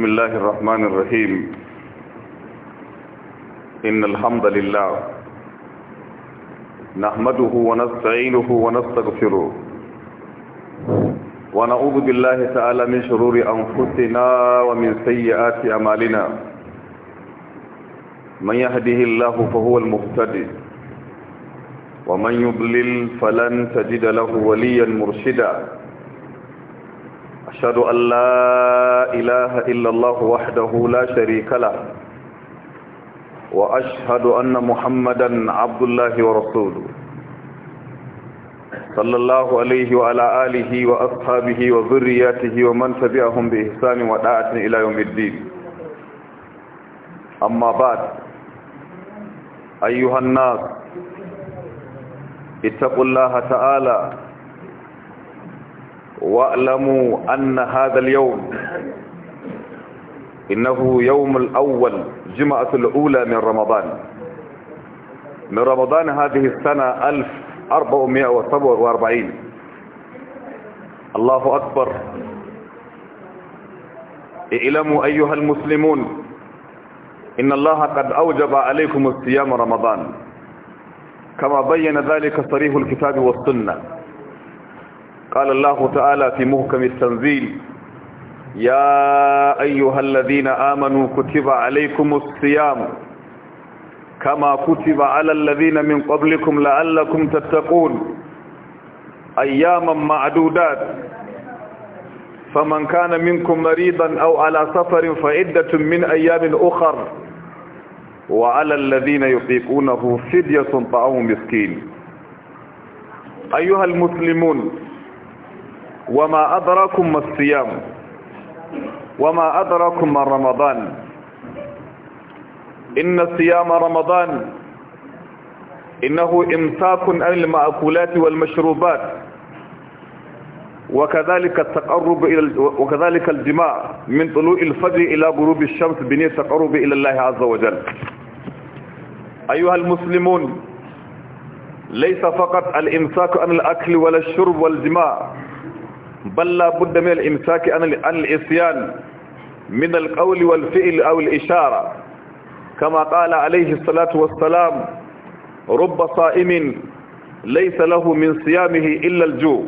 بسم الله الرحمن الرحيم إن الحمد لله نحمده ونستعينه ونستغفره ونعوذ بالله تعالى من شرور أنفسنا ومن سيئات أمالنا من يهده الله فهو المهتدي ومن يضلل فلن تجد له وليا مرشدا أشهد أن لا إله إلا الله وحده لا شريك له وأشهد أن محمدا عبد الله ورسوله صلى الله عليه وعلى آله وأصحابه وذرياته ومن تبعهم بإحسان وداعة إلى يوم الدين أما بعد أيها الناس اتقوا الله تعالى واعلموا أن هذا اليوم إنه يوم الأول جمعة الأولى من رمضان من رمضان هذه السنة 1447 الله أكبر اعلموا أيها المسلمون إن الله قد أوجب عليكم الصيام رمضان كما بين ذلك صريح الكتاب والسنة قال الله تعالى في محكم التنزيل يا أيها الذين آمنوا كتب عليكم الصيام كما كتب على الذين من قبلكم لعلكم تتقون أياما معدودات فمن كان منكم مريضا أو على سفر فعدة من أيام أخر وعلى الذين يطيقونه فدية طعام مسكين أيها المسلمون وما أدراكم ما الصيام وما أدراكم ما رمضان إن صيام رمضان إنه إمساك عن المأكولات والمشروبات وكذلك التقرب إلى وكذلك الجماع من طلوع الفجر إلى غروب الشمس بنية التقرب إلى الله عز وجل أيها المسلمون ليس فقط الإمساك عن الأكل ولا الشرب والجماع بل لا بد من الإمساك عن الإصيان من القول والفعل أو الإشارة كما قال عليه الصلاة والسلام رب صائم ليس له من صيامه إلا الجوع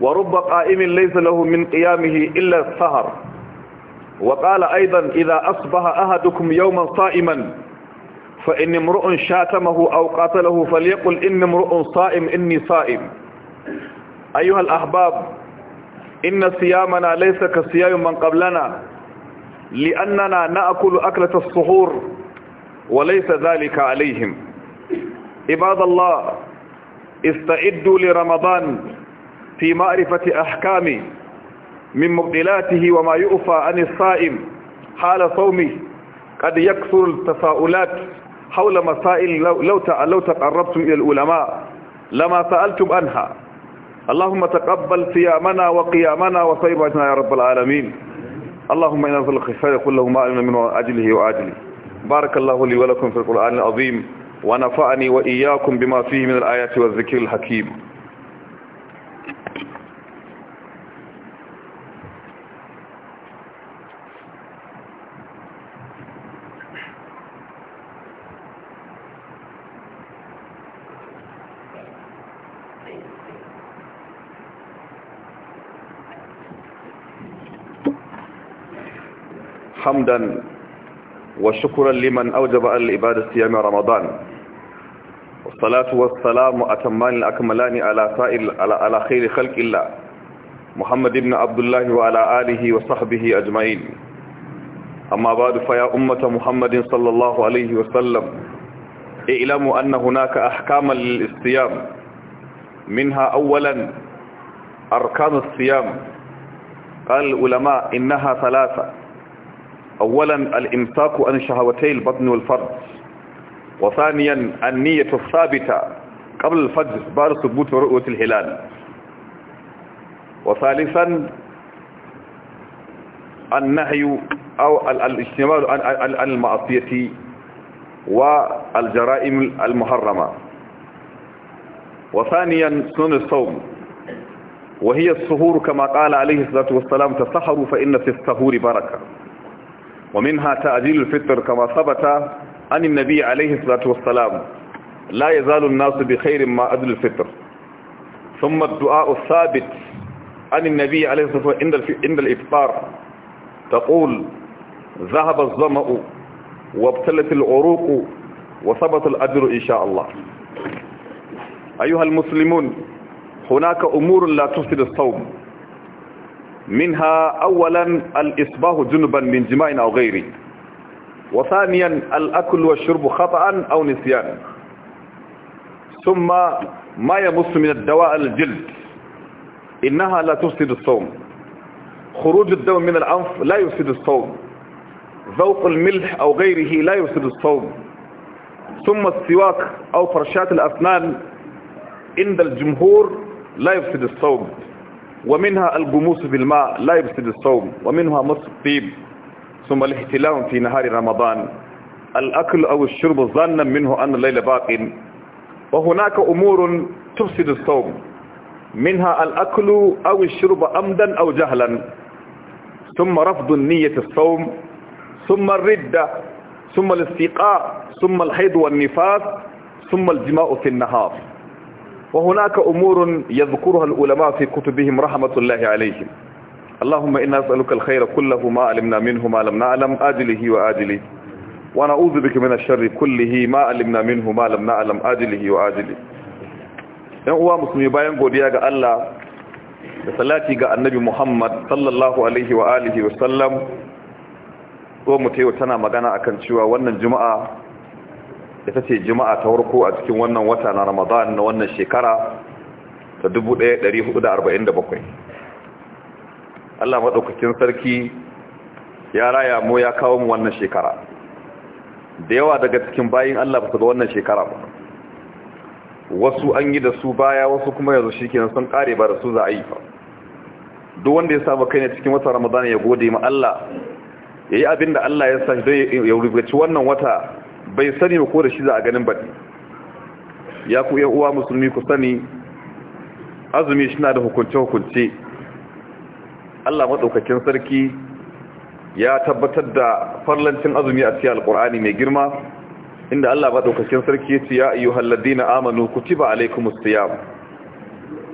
ورب قائم ليس له من قيامه إلا السهر وقال أيضا إذا أصبح أحدكم يوما صائما فإن امرؤ شاتمه أو قاتله فليقل إن امرؤ صائم إني صائم أيها الأحباب إن صيامنا ليس كصيام من قبلنا لأننا نأكل أكلة الصخور وليس ذلك عليهم عباد الله استعدوا لرمضان في معرفة أحكامه من مبدلاته وما يؤفى عن الصائم حال صومه قد يكثر التساؤلات حول مسائل لو لو تقربتم إلى العلماء لما سألتم عنها اللهم تقبل صيامنا وقيامنا وصيبتنا يا رب العالمين اللهم إنا نسألك الخير كله ما علمنا منه أجله وآجله بارك الله لي ولكم في القرآن العظيم ونفعني وإياكم بما فيه من الآيات والذكر الحكيم حمدا وشكرا لمن أوجب على العبادة صيام رمضان والصلاة والسلام أتمان الأكملان على سائل على خير خلق الله محمد بن عبد الله وعلى آله وصحبه أجمعين أما بعد فيا أمة محمد صلى الله عليه وسلم اعلموا أن هناك أحكاما للصيام منها أولا أركان الصيام قال العلماء إنها ثلاثة أولا الإمساك عن شهوتي البطن والفرد وثانيا النية الثابتة قبل الفجر بعد ثبوت رؤية الهلال وثالثا النهي أو الاجتماع عن المعصية والجرائم المحرمة وثانيا سنن الصوم وهي السهور كما قال عليه الصلاة والسلام تسحروا فإن في السهور بركة ومنها تعديل الفطر كما ثبت عن النبي عليه الصلاة والسلام لا يزال الناس بخير ما أدل الفطر ثم الدعاء الثابت عن النبي عليه الصلاة والسلام عند الإفطار تقول ذهب الظمأ وابتلت العروق وثبت الأجر إن شاء الله أيها المسلمون هناك أمور لا تفسد الصوم منها أولا الإصباح جنبا من جماع أو غيره وثانيا الأكل والشرب خطأ أو نسيان ثم ما يمص من الدواء الجلد إنها لا تفسد الصوم خروج الدم من الأنف لا يفسد الصوم ذوق الملح أو غيره لا يفسد الصوم ثم السواك أو فرشاة الأسنان عند الجمهور لا يفسد الصوم ومنها الجموس بالماء لا يفسد الصوم ومنها مص الطيب ثم الاحتلام في نهار رمضان الأكل أو الشرب ظنا منه أن الليل باق وهناك أمور تفسد الصوم منها الأكل أو الشرب أمدا أو جهلا ثم رفض نية الصوم ثم الردة ثم الاستيقاء ثم الحيض والنفاس ثم الجماء في النهار وهناك أمور يذكرها العلماء في كتبهم رحمة الله عليهم اللهم إنا نسألك الخير كله ما علمنا منه ما لم نعلم آجله وآجله ونعوذ بك من الشر كله ما علمنا منه ما لم نعلم آجله وآجله ‘yan uwa musulmi bayan godiya ga Allah da salati ga annabi Muhammad sallallahu Alaihi wa alihi wasallam ko mu tana magana akan cewa wannan juma'a ita ce juma'a ta warko a cikin wannan wata na ramadan na wannan shekara ta 1447 Allah maɗaukakin sarki ya raya mu ya kawo mu wannan shekara da yawa daga cikin bayin Allah ba ga wannan shekara ba wasu an yi da su baya wasu kuma yanzu shi kenan sun kare ba da su za a yi ba duk wanda ya saba kai ne cikin wata ramadan ya gode ma Allah ya yi abin da Allah ya sa don ya rubuci wannan wata bai sani ba ko da shi za a ganin baɗi ya ku yi uwa musulmi ku sani azumi shi na da hukunce-hukunce Allah maɗaukakin sarki ya tabbatar da farlancin azumi a cikin alƙur'ani mai girma inda Allah maɗaukakin sarki ya ce ya halladi na amanu ba, alaikum, siyam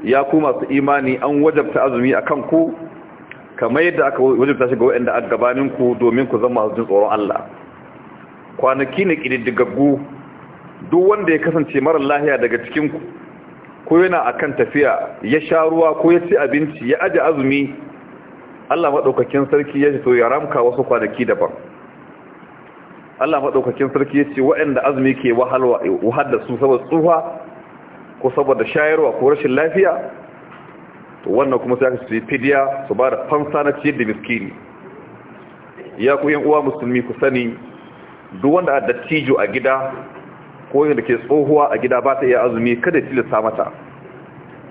ya ku masu imani an wajabta azumi a kanku kamar yadda aka wajabta shi ga waɗanda a gabaninku domin ku zama jin tsoron Allah kwanaki ne ƙididdigaggu duk wanda ya kasance marar lahiya daga cikinku ko yana akan tafiya ya sha ruwa ko ya ci abinci ya aji azumi Allah maɗaukakin sarki ya ce to ya ramka wasu kwanaki daban Allah maɗaukakin sarki ya ce waɗanda azumi ke wahal da su saboda tsufa ko saboda shayarwa ko rashin lafiya to wannan kuma sai aka ce fidiya su ba da fansa na ciyar da miskini ya ku yan uwa musulmi ku sani duk wanda a dattijo a gida ko yadda ke tsohuwa a gida ba ta iya azumi kada tilasta mata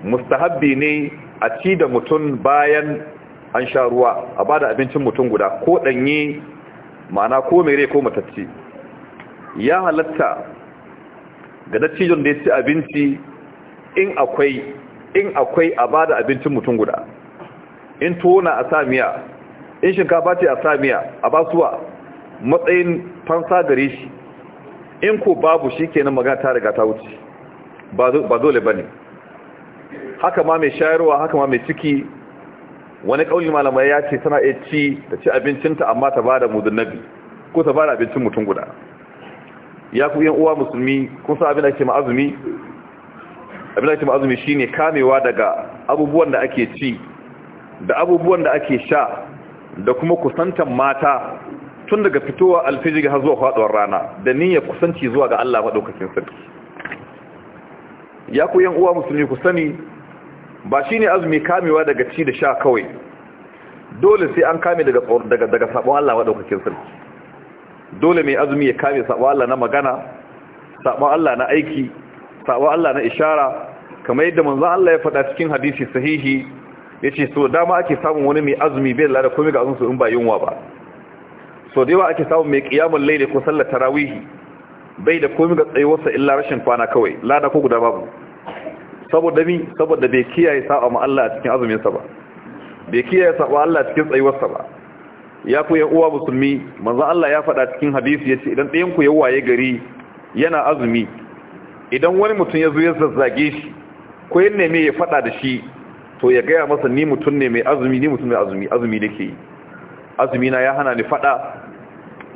mustahabbi ne a ci da mutum bayan an sha ruwa a ba da abincin mutum guda ko ɗanye mana ko mere ko matacci ya halatta ga dattijon da ya ci abinci in akwai in akwai a ba da abincin mutum guda in tona a samiya in shinkafa ce a samiya a basuwa matsayin fansa gare shi in ko babu shi kenan magana ta riga ta wuce ba dole ba ne haka ma mai shayarwa haka ma mai ciki wani ƙaunin malamai ya ce tana iya ci ta ci abincinta amma ta ba da muzunnabi ko ta ba abincin mutum guda ya ku yan uwa musulmi kun sa abin da ke ma'azumi abin da ke ma'azumi shi ne kamewa daga abubuwan da ake ci da abubuwan da ake sha da kuma kusantan mata tun daga fitowa alfiji har zuwa faduwar rana da niyyar kusanci zuwa ga Allah madaukakin sarki ya ku yan uwa musulmi ku sani ba ne azumi kamewa daga ci da sha kawai dole sai an kame daga daga daga sabon Allah madaukakin sarki dole mai azumi ya kame sabon Allah na magana sabon Allah na aiki sabon Allah na ishara kamar yadda manzon Allah ya faɗa cikin hadisi sahihi yace so dama ake samun wani mai azumi bai lada komai ga azumin su in ba yunwa ba so da yawa ake samun mai kiyamun laili ko sallar tarawihi bai da komi ga tsayuwarsa illa rashin kwana kawai lada ko guda babu saboda mi saboda bai kiyaye sa'a ma Allah a cikin azuminsa ba bai kiyaye sa'a Allah a cikin tsayuwarsa ba ya ku yan uwa musulmi manzo Allah ya faɗa cikin hadisi yace idan ɗayan ku ya waye gari yana azumi idan wani mutum ya zo ya zazzage shi ko yin neme ya faɗa da shi to ya gaya masa ni mutum ne mai azumi ni mutum mai azumi azumi nake azumi na ya hana ni faɗa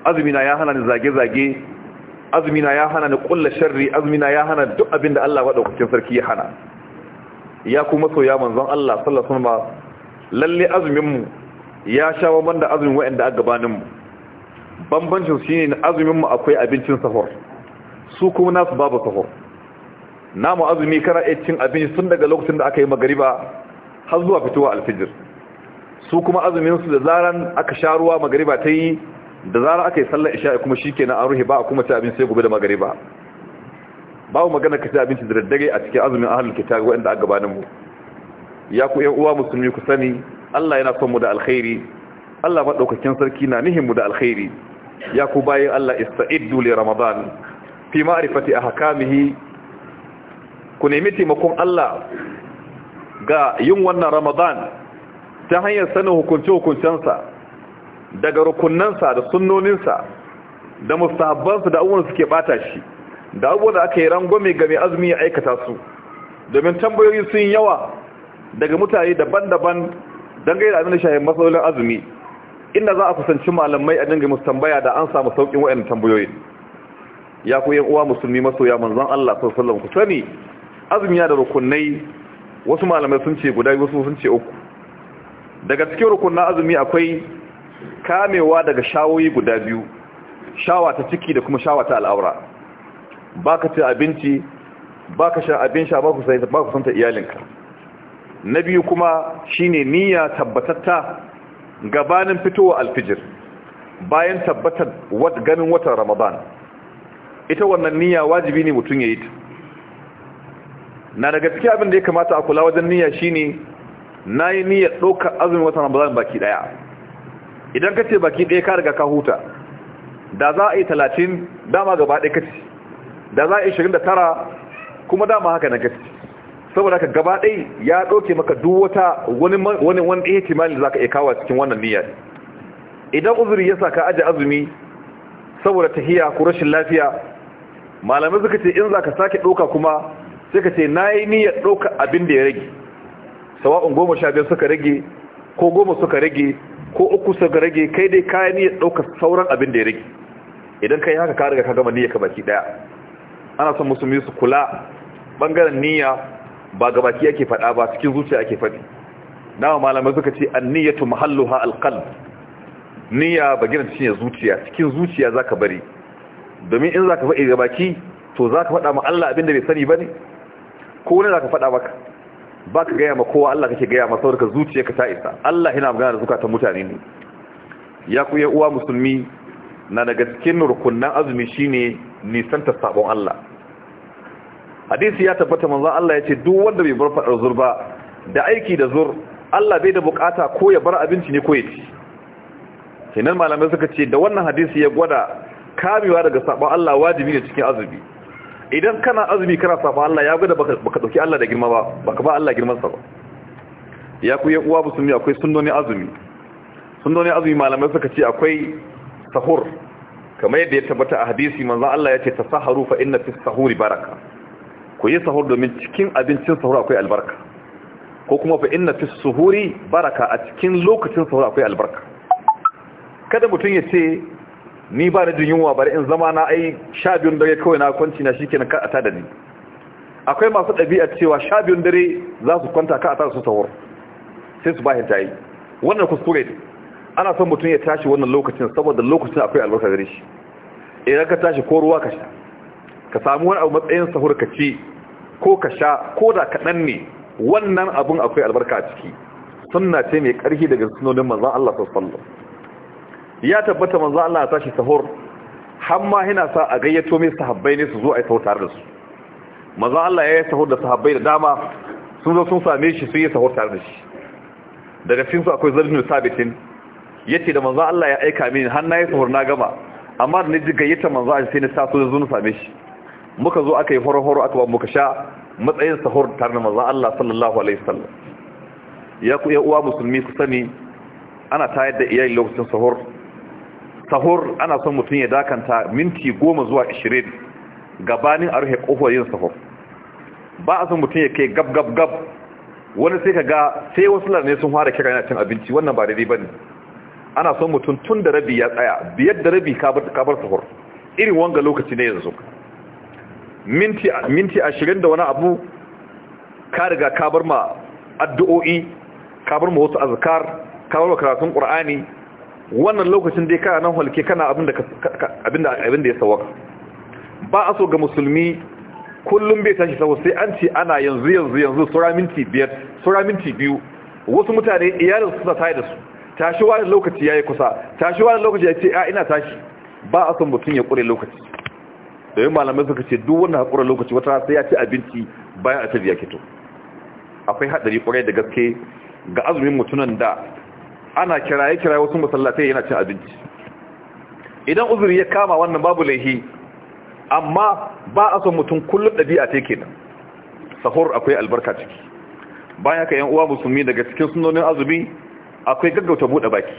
azumina ya hana ni zage-zage azumina ya hana ni kulla sharri azumina ya hana duk abin da Allah maɗaukakin sarki ya hana ya kuma so ya manzon Allah sallallahu alaihi wasallam lalle azumin mu ya sha man da azumin waɗanda a gabanin mu bambancin shine azumin mu akwai abincin sahur su kuma nasu babu sahur namu azumi kana iya cin abinci tun daga lokacin da aka yi magariba har zuwa fitowa alfijir su kuma azumin su da zaran aka sha ruwa magariba ta yi da zara aka yi sallar isha'i kuma shi kenan an ruhe ba a kuma ci abin sai gobe da magariba babu magana ka ci abinci da daddare a cikin azumin ahalul kitab wanda aka gabanin mu ya ku yan uwa musulmi ku sani Allah yana son mu da alkhairi Allah madaukakin sarki na nihin mu da alkhairi ya ku bayin Allah ista'iddu li ramadan fi ma'rifati ahkamihi ku nemi taimakon Allah ga yin wannan ramadan ta hanyar sanin hukunce-hukuncensa daga rukunansa da sunnoninsa da mustahabbansu da abubuwan suke bata shi da abubuwan da aka yi rangwame ga mai azumi ya aikata su domin tambayoyi sun yawa daga mutane daban-daban don da abin da shahin matsalolin azumi inda za a kusanci malamai a dinga mustambaya da an samu saukin wa'in tambayoyin ya ku yin uwa musulmi masoya manzan Allah sallallahu alaihi wasallam ku sani azumi da rukunai wasu malamai sun ce guda wasu sun ce uku daga cikin rukunan azumi akwai kamewa daga shawoyi guda biyu shawa ta ciki da kuma shawa ta al'aura ba ka ci abinci ba ka sha abin sha ba ku santa iyalinka na biyu kuma shine niyya tabbatatta gabanin fitowa alfijir bayan tabbatar ganin watan ramadan ita wannan niyya wajibi ne mutum ya yi ta na daga cikin abin da ya kamata a kula wajen niyya shine na yi niyyar ɗaukar azumin watan ramadan baki ɗaya idan ka ce baki ɗaya ka riga ka huta da za a yi talatin dama gaba ɗaya kaci da za a yi shirin da tara kuma dama haka na kaci saboda ka gaba ɗaya ya ɗauke maka duk wata wani wani ɗaya timali za ka iya kawo cikin wannan niyyar idan uzuri ya sa ka aji azumi saboda tahiya ko rashin lafiya malamai suka ce in za ka sake ɗauka kuma sai ka ce na yi niyyar ɗauka abin da ya rage sawa'un goma sha biyar suka rage ko goma suka rage ko uku su rage kai dai kayan niyyar ɗaukar sauran abin da ya rage idan kai haka ka riga ka gama niyyar ka baki ɗaya ana son musulmi su kula ɓangaren niyya ba ga baki ake faɗa ba cikin zuciya ake faɗi nawa malamai suka ce an niyyatu mahalluha alqalb niyya ba gina cikin zuciya cikin zuciya zaka bari domin in zaka faɗi ga baki to zaka faɗa ma Allah abin da bai sani bane ko wani zaka faɗa maka ba ka gaya ma kowa Allah kake gaya ma saboda zuciya ka ta isa Allah yana magana da zukatan mutane ne ya ku uwa musulmi na daga cikin rukunnan azumi shine nisanta sabon Allah hadisi ya tabbata manzo Allah yace duk wanda bai bar fadar zur ba da aiki da zur Allah bai da bukata ko ya bar abinci ne ko ya ci Sai nan malamai suka ce da wannan hadisi ya gwada kamewa daga sabon Allah wajibi ne cikin azumi idan kana azumi kana safa Allah ya gada baka dauki Allah da girma ba baka ba Allah girman sa ba ya ku yan uwa musulmi akwai sunnoni azumi sunnoni azumi malamai suka ce akwai sahur kamar yadda ya tabbata a hadisi manzo Allah ya ce tasaharu fa inna fi sahuri baraka ku yi sahur domin cikin abincin sahur akwai albarka ko kuma fa inna fi suhuri baraka a cikin lokacin sahur akwai albarka kada mutum ya ce ni ba da yunwa bari in zama na ai sha biyun dare kawai na kwanci na shikenan ka ata da ni akwai masu ɗabi'a cewa sha biyun dare za su kwanta ka ata su sahur sai su bahin tayi wannan kuskure ne ana son mutum ya tashi wannan lokacin saboda lokacin akwai albarka gare shi idan ka tashi ko ruwa ka sha ka samu wani abu matsayin sahur ka ci ko ka sha ko da kaɗan ne wannan abun akwai albarka a ciki sunna ce mai ƙarfi daga sunonin manzon Allah sallallahu alaihi wasallam ya tabbata manzo Allah ya tashi sahur har ma yana sa a gayyato mai sahabbai ne su zo a sahur tare da su manzo Allah ya yi sahur da sahabbai da dama sun zo sun same shi sun yi sahur tare da shi daga cikin su akwai zalmin sabitin yace da manzo Allah ya aika mini har na yi sahur na gama amma da naji gayyata manzo Allah sai na sa su zo sun same shi muka zo aka yi horo horo aka ba muka sha matsayin sahur tare da manzo Allah sallallahu alaihi wasallam ya ku ya uwa musulmi ku sani ana tayar da iyali lokacin sahur sahur ana son mutum ya dakanta minti goma zuwa ashirin gabanin a rufe ƙofar yin sahur ba a son mutum ya kai gab gab gab wani sai ka ga sai wasu larne sun fara kira yana cin abinci wannan ba daidai ba ne ana son mutum tun da rabi ya tsaya biyar da rabi ka bar sahur irin wanga lokaci ne yanzu minti ashirin da wani abu ka riga bar ma addu'o'i ka bar ma wasu azkar bar ma karatun ƙur'ani wannan lokacin dai kana nan halke kana da ya sawaka ba a so ga musulmi kullum bai tashi sawa sai an ce ana yanzu yanzu yanzu sura minti biyar sura minti biyu wasu mutane iyalin suna tayi da su tashi wani lokaci yayi kusa tashi wani lokaci ya ce a ina tashi ba a son mutum ya kure lokaci Da yin malamai suka ce duk wannan hakura lokaci wata sai ya ci abinci bayan a tabi ya kito akwai hadari kwarai da gaske ga azumin mutunan da ana kiraye kiraye wasu masallatai yana cin abinci idan uzuri ya kama wannan babu laihi amma ba a son mutum kullum ɗabi'a yake kenan sahur akwai albarka ciki bayan ka yan uwa musulmi daga cikin sunonin azumi akwai gaggauta buɗe baki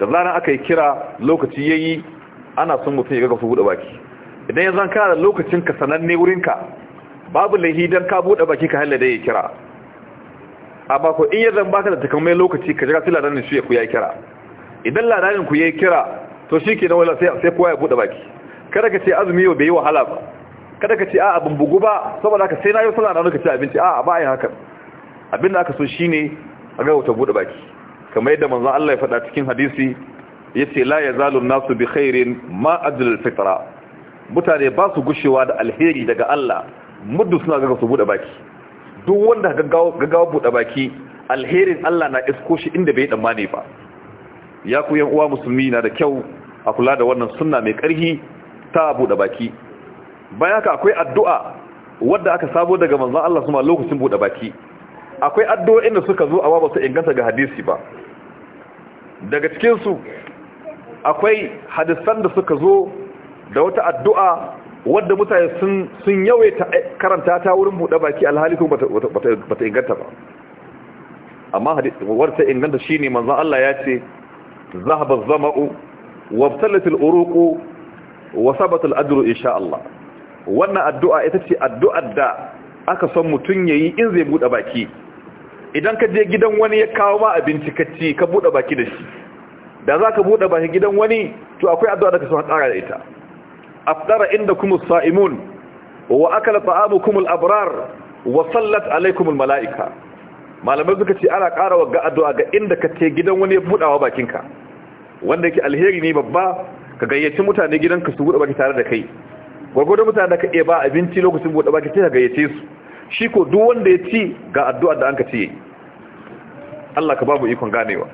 da zaran aka yi kira lokaci yayi ana son mutum ya gaggauta buɗe baki idan yanzu kana da lokacin ka sananne wurin ka babu laihi dan ka buɗe baki ka halle da ya kira A ko in ya ba ka da takamai lokaci ka jira sai ladanin shi ku ya kira idan ladanin ku ya kira to shi ke wala sai kowa ya bude baki kada ka ce azumi yau bai yi wahala ba kada ka ce a abin bugu ba saboda haka sai na yi sallah na ka abinci a ba yin haka abin da aka so shine a ga wata buɗe baki kamar yadda manzon Allah ya faɗa cikin hadisi yace la yazalu nasu bi khairin ma al fitra mutane ba su gushewa da alheri daga Allah muddu suna ga su buɗe baki duk wanda gaggawa buɗe baki alherin Allah na isko shi inda bai tsammani ba ya ku yan uwa musulmi na da kyau a kula da wannan sunna mai ƙarfi ta buɗe baki bayan haka akwai addu'a wadda aka sabo daga manzon Allah kuma lokacin buɗe baki akwai addu'o'in da suka zo a ba su inganta ga hadisi ba daga cikin su akwai hadisan da suka zo da wata addu'a wadda mutane sun yawaita eh, karanta ta wurin buɗe baki alhali kuma bata inganta ba amma wata inganta shi ne manzan Allah ya ce zama, wa wabtalatul uruku wa sabatul insha Allah wannan addu'a ita ce addu'ar da aka son mutum ya yi in zai buɗe baki idan ka je gidan wani ya kawo ma abinci ka ci ka buɗe baki da shi da za ka buɗe baki gidan wani to akwai addu'a da ka son ƙara da ita afdara indakum as-sa'imun wa akala ta'amukum al-abrar wa sallat alaykum al-mala'ika malamai suka ce ana ƙara wa addu'a ga inda ka ce gidan wani budawa bakinka wanda yake alheri ne babba ka gayyaci mutane gidanka su buɗe baki tare da kai gwagwadon mutane ka iya ba abinci lokacin bude baki sai ka gayyace su shi ko duk wanda ya ci ga addu'a da anka ci Allah ka ba mu ikon ganewa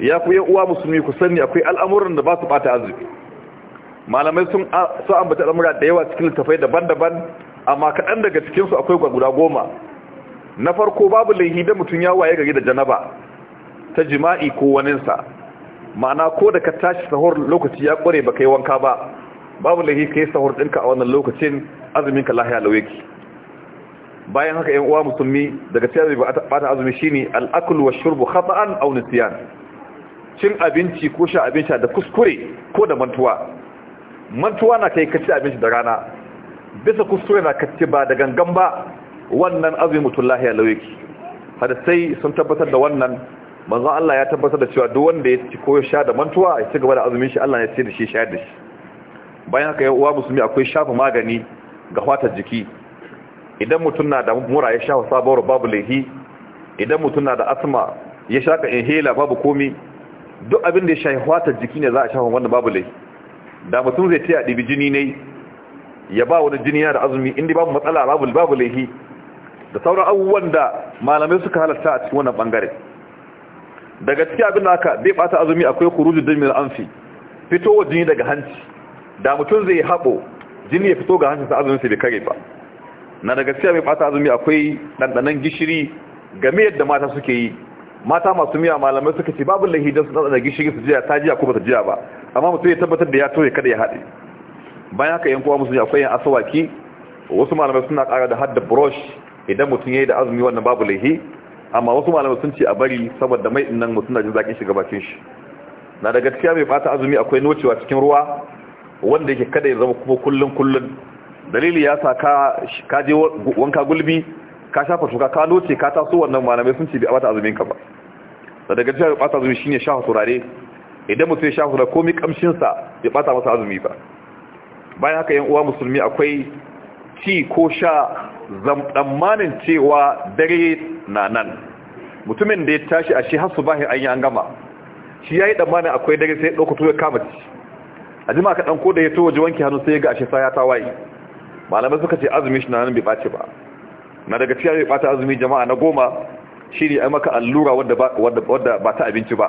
ya ku yan uwa musulmi ku sani akwai al'amuran da ba su bata arziki malamai sun ambata al'amura da yawa cikin littafai daban-daban amma kaɗan daga cikinsu akwai guda goma na farko babu laihi da mutum ya waye gari da janaba ta jima'i ko waninsa ma'ana ko da ka tashi sahur lokaci ya kware ba kai wanka ba babu laihi ka yi sahur ɗinka a wannan lokacin azumin ka lahiya lauyaki bayan haka yan uwa musulmi daga cewa ba ta azumi shine al-aklu wash-shurbu khata'an aw nisyan cin abinci ko sha abinci da kuskure ko da mantuwa mantuwa na kai kaci abinci da rana bisa kuskure na kaci ba da gangan ba wannan azimutullahi lauki. har sai sun tabbatar da wannan manzan Allah ya tabbatar da cewa duk wanda ya ci ko ya sha da mantuwa ya ci gaba da azumin shi Allah ya ce da shi sha da shi bayan haka uwa musulmi akwai shafa magani ga fatar jiki idan mutum na da mura ya shafa sabuwar babu laihi idan mutum na da asma ya shaka inhaler babu komi duk abin da ya shafa fatar jiki ne za a shafa wanda babu laihi da mutum zai ce a ɗibi jini ne ya ba wani jini ya da azumi inda babu matsala babu babu laihi da sauran abubuwan da malamai suka halarta a cikin wannan bangare daga ciki abin da aka bai bata azumi akwai kuruju amfi. Fito wa jini daga hanci da mutum zai haɓo jini ya fito ga hancinsa azumin sai bai kare ba na daga ciki bai bata azumi akwai ɗanɗanon gishiri game yadda mata suke yi mata masu miya malamai suka ce babu lahi don su tsada gishiri su jiya ta jiya ko bata jiya ba amma mutum ya tabbatar da ya toye kada ya haɗe bayan haka yan kowa musulmi akwai yan asawaki wasu malamai suna ƙara da hadda brush idan mutum ya yi da azumi wannan babu lahi amma wasu malamai sun ce a bari saboda mai nan mutum na jin zaƙin shiga bakin shi na da gaskiya mai fata azumi akwai nocewa cikin ruwa wanda yake kada ya zama kuma kullum-kullum dalili ya sa ka je wanka gulbi ka shafa shuka ka loce ka taso wannan malamai sun ce bai bata azumin ka ba da daga ya bata azumi shine shafa turare idan mutum ya shafa turare komai kamshin sa ya bata masa azumi ba bayan haka yan uwa musulmi akwai ci ko sha zamdammanin cewa dare na nan mutumin da ya tashi a shi hasu bahin an yi an gama shi ya yi damanin akwai dare sai ɗauka ya kama ci a jima ka ko da ya to waje wanke hannu sai ya ga ashe sa ya tawaye malamai suka ce azumin shi na nan bai bace ba na daga cikin mai bata azumi jama'a na goma shine ai maka allura wadda ba wadda ba ta abinci ba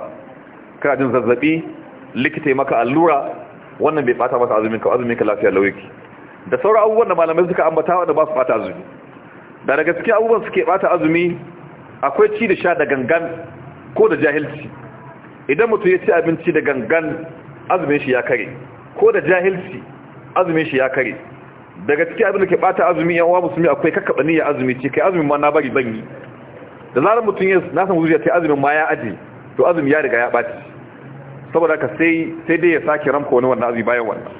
kana jin zazzabi likita maka allura wannan bai bata masa azumin ka azumin ka lafiya lauki da sauran abubuwan da malamai suka ambata wanda ba su bata azumi da daga cikin abubuwan suke bata azumi akwai ci da sha da gangan ko da jahilci idan mutum ya ci abinci da gangan azumin shi ya kare ko da jahilci azumin shi ya kare daga cikin abin da ke bata azumi yan uwa musulmi akwai kakkaba niyyar azumi ce kai azumin ma na bari bangi da zarar mutum ya na san zuciya ta azumin ma ya aje to azumi ya riga ya bace saboda ka sai sai dai ya sake ramko wani wannan azumi bayan wannan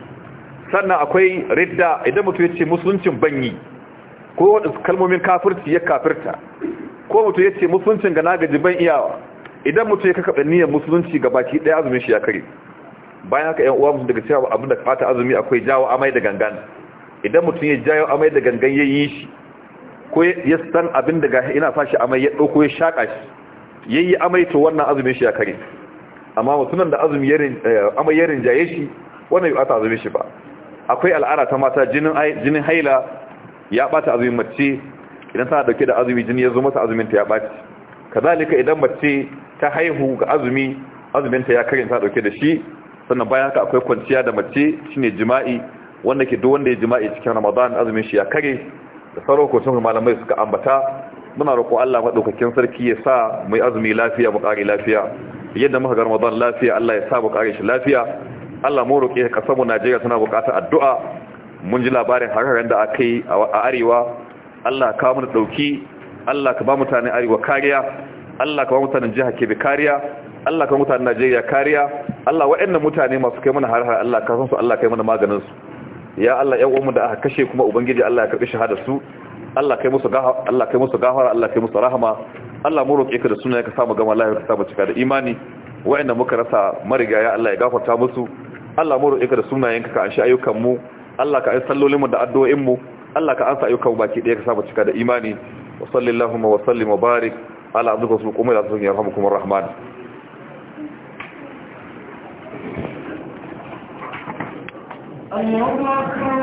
sannan akwai ridda idan mutum ya ce musuluncin bangi ko wanda kalmomin kafirci ya kafirta ko mutum ya ce musuluncin ga nagaji ban iyawa idan mutum ya kakkaba niyyar musulunci ga baki daya azumin shi ya kare bayan haka yan uwa musulmi daga cewa abin da fata azumi akwai jawo amai da gangan idan mutum ya jayo amai da gangan ya yi shi ko ya san abin da gashi ina fashi amai ya ɗauko ya shaƙa shi ya yi amai to wannan azumin shi ya kare amma mutumin da eh, amai ya rinjaye shi wannan ba ta azumin shi ba akwai al'ada ta mata jinin haila ya ɓata azumin mace idan tana dauke da azumi jini ya zo mata azumin ta ya ɓaci kazalika idan mace ta haihu ga azumi azumin ta ya kare ta dauke da shi sannan bayan haka akwai kwanciya da mace shine jima'i wanda ke duk wanda ya jima'i cikin ramadan azumin shi ya kare da sarokocin malamai suka ambata muna roƙo Allah madaukakin sarki ya sa mai azumi lafiya mu ƙari lafiya yadda muka ga ramadan lafiya Allah ya sa mu ƙari shi lafiya Allah mu roƙe ka samu Najeriya tana buƙatar addu'a mun ji labarin hararen da aka yi a arewa Allah ka mu dauki Allah ka ba mutanen arewa kariya Allah ka ba mutanen jiha bi kariya Allah ka mutanen Najeriya kariya Allah waɗannan mutane masu kai mana har Allah ka san su Allah kai mana maganin su ya Allah ya umu da aka kashe kuma ubangiji Allah ya karbi shahada su Allah kai musu gafara Allah kai musu gafara Allah kai musu rahama Allah mu roke ka da sunan ka samu gama lafiya ka samu cika da imani wa'anda muka rasa marigaya Allah ya gafarta musu Allah mu roke ka da sunayen ka anshi ayyukan mu Allah ka ai sallolin mu da addu'o'in mu Allah ka ansa ayyukan mu baki ɗaya ka samu cika da imani wa sallallahu wa sallim wa barik ala abdika wa sallim umma ya yarhamukum arrahman اللهم